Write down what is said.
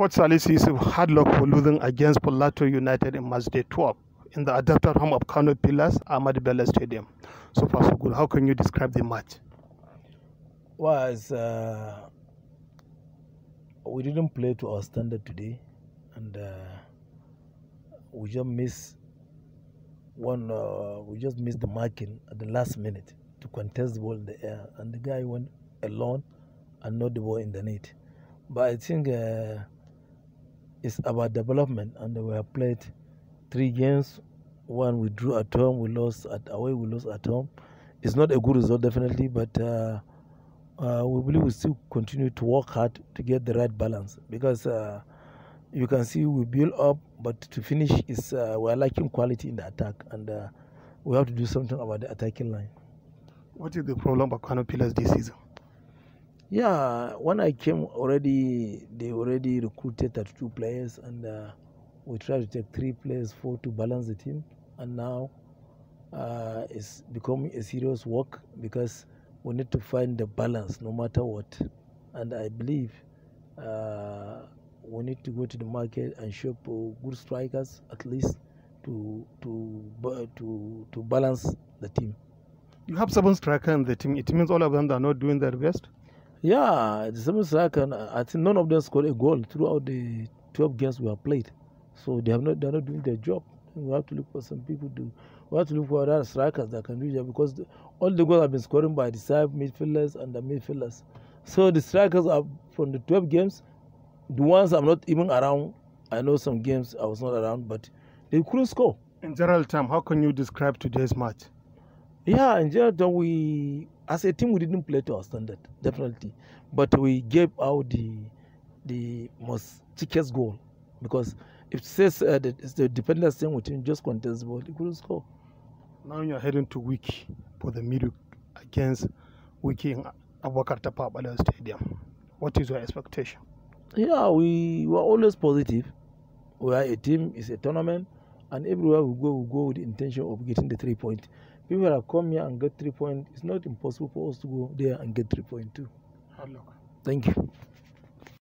Coach Salis is hard luck for losing against Polato United in March day 12 in the adapted home of Kano Pillars, Ahmad Bella Stadium. So far, so good. How can you describe the match? Was uh, we didn't play to our standard today, and uh, we just missed one. Uh, we just missed the marking at the last minute to contest the ball in the air, and the guy went alone and not the ball in the net. But I think. Uh, is about development, and we have played three games. One we drew at home, we lost at away, we lost at home. It's not a good result, definitely, but uh, uh, we believe we still continue to work hard to get the right balance because uh, you can see we build up, but to finish is uh, we are lacking quality in the attack, and uh, we have to do something about the attacking line. What is the problem of Kano Pillars this season? Yeah, when I came already, they already recruited 32 players, and uh, we tried to take three players, four to balance the team. And now uh, it's becoming a serious work because we need to find the balance no matter what. And I believe uh, we need to go to the market and shop good strikers at least to to to to balance the team. You have seven strikers in the team. It means all of them are not doing their best. Yeah, the seven second, I think none of them scored a goal throughout the 12 games we have played. So they have not, they're not doing their job. We have to look for some people to, we have to look for other strikers that can do that because the, all the goals have been scored by the side midfielders and the midfielders. So the strikers are from the 12 games, the ones I'm not even around. I know some games I was not around, but they couldn't score. In general term, how can you describe today's match? Yeah, in general, we as a team we didn't play to our standard, definitely, but we gave out the the most cheapest goal because if it says uh, that it's the defender staying with him, just contest the he couldn't score. Now you're heading to week for the middle against Wiki in Abubakar Tapabala Stadium. What is your expectation? Yeah, we were always positive. We are a team, it's a tournament and everywhere we go, we go with the intention of getting the three point. People that come here and get three point, it's not impossible for us to go there and get three point too. Hard luck. Thank you.